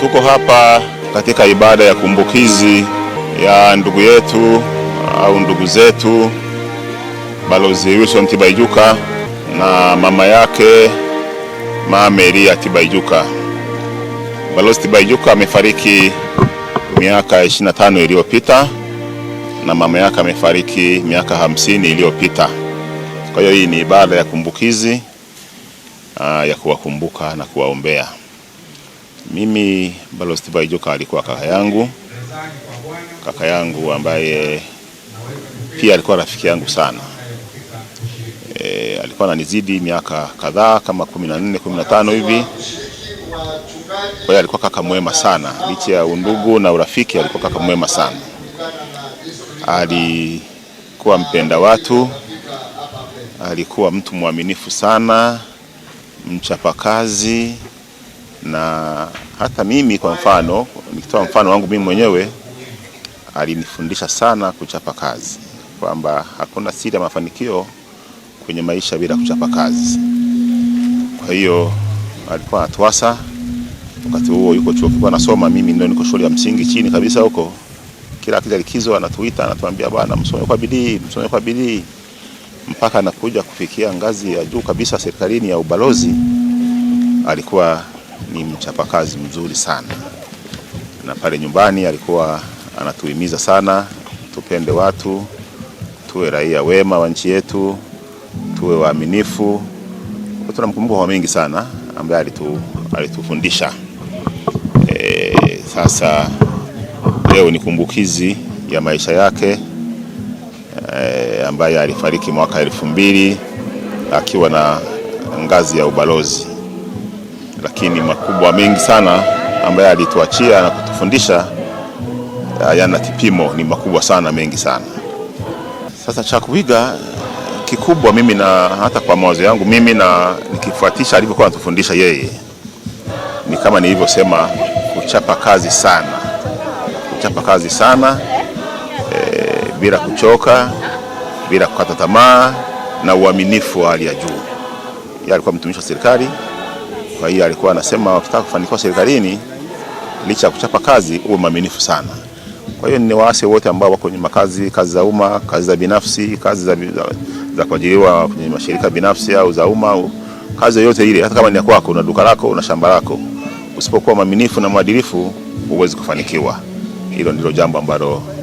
Tuko hapa katika ibada ya kumbukizi ya ndugu yetu uh, au ndugu zetu Balozi Wilson Tibaijuka na mama yake Mama Elia Tibaijuka. Balozi Tibaijuka amefariki miaka 25 iliyopita na mama yake amefariki miaka hamsini iliyopita. Kwa hiyo hii ni ibada ya kumbukizi uh, ya kuwakumbuka na kuwaombea. Mimi Balozi Joka alikuwa kaka yangu, kaka yangu ambaye pia alikuwa rafiki yangu sana. E, alikuwa ananizidi miaka kadhaa kama kumi na nne kumi na tano hivi. Kwa hiyo alikuwa kaka mwema sana, licha ya undugu na urafiki, alikuwa kaka mwema sana. Alikuwa mpenda watu, alikuwa mtu mwaminifu sana, mchapakazi na hata mimi kwa mfano, nikitoa mfano wangu mimi mwenyewe, alinifundisha sana kuchapa kazi, kwamba hakuna siri ya mafanikio kwenye maisha bila kuchapa kazi. Kwa hiyo alikuwa anatuasa, wakati huo yuko chuo kikuu anasoma, mimi ndio niko shule ya msingi chini kabisa huko. Kila kila likizo anatuita, anatuambia bwana, msome kwa bidii, msome kwa bidii, mpaka anakuja kufikia ngazi ya juu kabisa serikalini ya ubalozi alikuwa ni mchapakazi mzuri sana, na pale nyumbani alikuwa anatuhimiza sana tupende watu, tuwe raia wema wa nchi yetu, tuwe waaminifu. Tunamkumbuka kwa mengi sana ambaye alitu, alitufundisha. E, sasa leo ni kumbukizi ya maisha yake e, ambaye alifariki mwaka elfu mbili akiwa na ngazi ya ubalozi lakini makubwa mengi sana ambayo alituachia na kutufundisha yana kipimo, ni makubwa sana mengi sana. Sasa cha kuiga kikubwa mimi na hata kwa mawazo yangu mimi na nikifuatisha alivyokuwa anatufundisha yeye, ni kama nilivyosema, kuchapa kazi sana, kuchapa kazi sana e, bila kuchoka, bila kukata tamaa na uaminifu wa hali ya juu. Yeye alikuwa mtumishi wa serikali. Kwa hiyo alikuwa anasema wakitaka kufanikiwa serikalini, licha ya kuchapa kazi, uwe mwaminifu sana. Kwa hiyo ni waase wote ambao wako kwenye makazi, kazi za umma, kazi za binafsi, kazi za, za kuajiriwa kwenye mashirika binafsi au za umma, kazi yoyote ile, hata kama ni ya kwako, una duka lako, una shamba lako, usipokuwa mwaminifu na mwadilifu, huwezi kufanikiwa. Hilo ndilo jambo ambalo